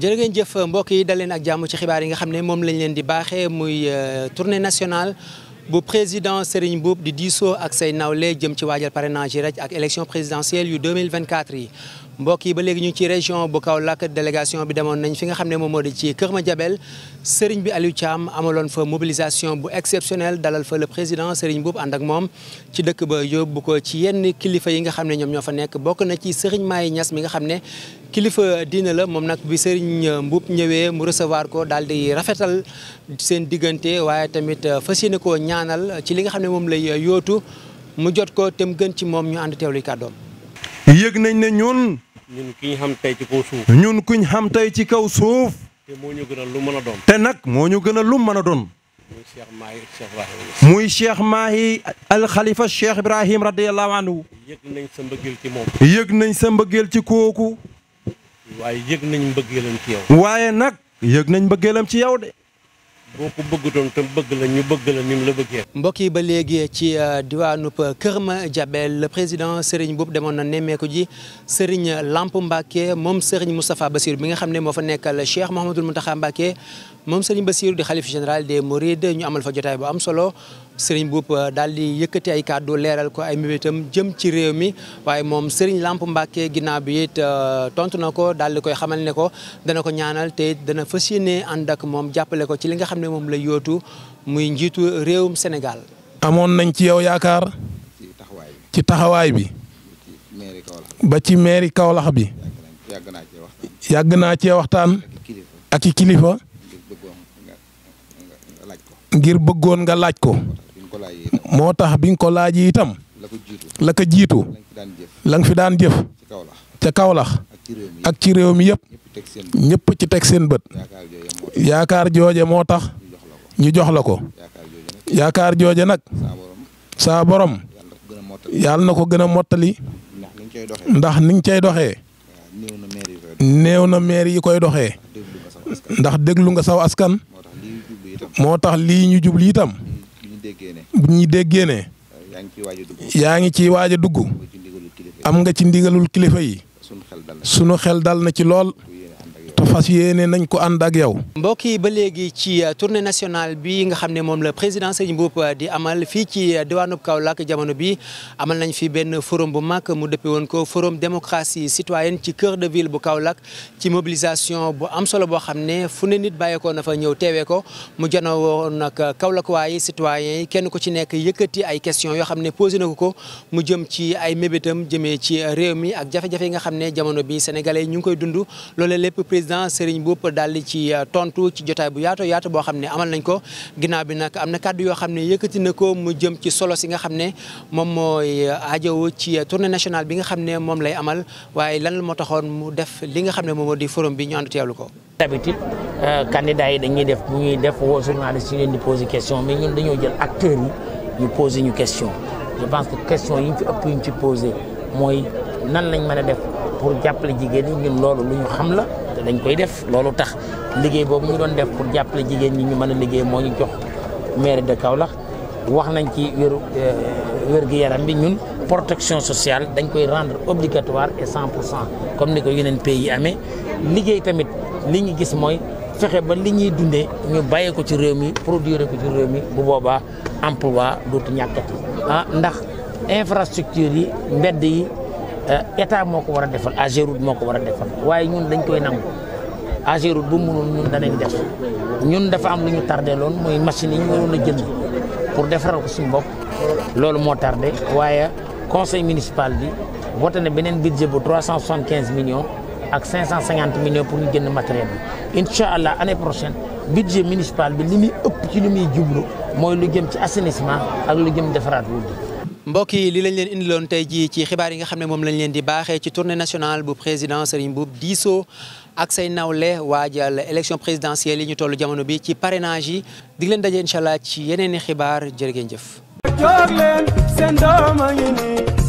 jóg jëf mbokk yi dal leen ak jàmm ci xibaar yi nga xam ne moom lañ leen di baaxe muy euh, tournée nationale bu président Serigne Mboup di diisoo ak say nawle jëm ci waajal parrainage yi rek ak élection présidentielle yu 2024 yi mbokk yi ba léegi ñu ci région bu kaw Kaolack délégation bi demoon nañ fi nga xam ne moom moo di ci Kër Madiabel sëriñ bi Aliou Thiam amaloon fa mobilisation bu exceptionnelle dalal fa la président sëriñ boobu ànd ak moom ci dëkk ba yóbbu ko ci yenn kilifa yi nga xam ne ñoom ñoo fa nekk bokk na ci sëriñ Maye Niass mi nga xam ne kilifa diina la moom nag bi sëriñ Mbuub ñëwee mu recevoir ko daal di rafetal seen diggante waaye tamit euh, fas yéene koo ñaanal ci li nga xam ne moom lay euh, yootu mu jot ko te gën ci moom ñu ànd teewlu yëg nañ ne ñun. ñun kiñ xam tey ci kaw suuf. ñun ku ñu xam tey ci kaw suuf. te moo ñu gënal lu mën a doon. te nag moo ñu gënal lu mën a doon. muy Cheikh Mahi Cheikh Ibrahim. muy Cheikh Mahi al Khalifa Cheikh Ibrahim radiyallahu anhu. yëg nañ sa mbëggeel ci moom. yëg nañ sa mbëggeel ci kooku. waaye yëg nañ mbëggeelam ci yow. waaye nag yëg nañ mbëggeelam ci yow de. boo bëgg bëggutoon tam bëgg la ñu bëgg la ni la bëggee. mbokk yi ba léegi ci euh, diwaanu Kër Madiabel le président Serigne Mboup demoon na nemmeeku ji Serigne Lamp Mbacke moom Serigne Moustapha Bassir bi nga xam ne moo fa nekkal Cheikh Mouhamadul Mountakha Mbacke. moom Serigne Bassirou di xalif général des Mourides ñu amal fa jotaay bu am solo seriñ Mboup euh, daal di yëkkati ay kàddu leeral ko ay mébétam jëm ci réew mi waaye moom Serigne làmp Mbacke ginnaaw bi it euh, tontu na ko daal di koy xamal ne ko dana ko ñaanal te dana fas yéene ànd ak moom jàppale ko ci li nga xam ne moom la yootu muy njiitu réewum senegal amoon nañ ci yow yaakaar ci taxawaay bi ba ci mairie Kaolack bi yàgg naa cee waxtaan ak i kilifa. ngir bëggoon nga laaj ko. moo tax bi nga ko laaj itam. la ko jiitu. la nga fi daan jëf. ca Kaolack ak ci réew mi yëpp. ñëpp ci teg seen bët. yaakaar jooje moo tax. ñu jox la ko. yaakaar jooje nag. saa borom. yàlla na ko gën a mottali. ndax ni nga doxee. néew na maire yi koy doxee. ndax déglu nga saw askan moo tax lii ñu jublu itam bu ñuy déggee ne yaa ngi ciy waaj a dugg am nga ci ndigalul kilifa yi sunu xel dal na ci lool te fas yéene nañ ko ànd ak yow. mbokk yi ba léegi ci euh, tournée nationale bi nga xam ne moom la président Serigne Mboup euh, di amal fii ci euh, diwaanub Kaolack jamono bi amal nañ fi benn forum bu mag mu dëppee woon ko forum démocratie citoyenne ci cœur de ville bu kawlak ci mobilisation bu am solo boo xam ne fu ne nit bàyyeekoo na fa ñëw teewee ko mu janoo woon nag Kaolack waaye citoyens yi kenn ku ci nekk yëkkati ay questions yoo xam ne posé na ko mu jëm ci ay mébétam jëmee ci réew mi ak jafe yi nga xam ne jamono bi sénégalais ñu ngi koy dund président Serigne Mboup daal di ci euh, tontu ci jotaay bu yaato yaatu boo xam ne amal nañ ko ginnaaw bi nag am na kàddu yoo xam ne yëkkati na ko mu jëm ci solo si nga xam ne moom mooy euh, ajow ci euh, tournée nationale bi nga xam ne moom lay amal waaye lan moo taxoon mu def li nga xam ne moom di forum bi ñu ànd teewlu ko. d'habitude candidat yi dañuy def bu ñuy def woo journaliste yi leen di poser question mais ñun dañoo jël acteurs yi ñu ñu question je pense que question yi ñu ëpp yi ñu ci mooy nan lañ mën a def pour jàppale jigéen ñi ñun loolu lu ñu xam la. dañ koy def loolu tax liggéey boobu ñu doon def pour jàppale jigéen ñi ñu mën a liggéey moo ñu jox maire de Kaolack wax nañ ci wéru euh, wér gu yaram bi ñun protection sociale dañ koy rendre obligatoire et cent pour cent comme ni ko yeneen pays yi amee liggéey tamit li ñu gis mooy fexe ba li ñuy dundee ñu bàyyee ko ci réew mi produire ko ci réew mi bu boobaa emploi dootu ñàkkati ah ndax infrastructure yi mbedd yi Eh, état moo ko war a defal Ageroute moo ko war a defal waaye ñun dañ koy nangu Ageroute bu mënul ñun danañ def ñun dafa am lu ñu tardé loon mooy machine yi ñu waroon a jënd pour defaral ko suñu bopp loolu moo tardé waaye conseil municipal bi voté ne beneen budget bu 375 millions ak 550 millions pour ñu jënd matériel bi incha allah année prochaine budget municipal bi li muy ëpp ci li muy jublu mooy lu jëm ci assainissement ak lu jëm defaraat wuudi mbokk yi li lañ leen indiloon tey jii ci xibaar yi nga xam ne moom lañ leen di baaxee ci tournée nationale bu président Serigne Mboup diisoo ak say nawle waajal élection présidentielle yi ñu toll jamono bi ci parrainage yi dig leen daje incha allah ci yeneen i xibaar jërë njëf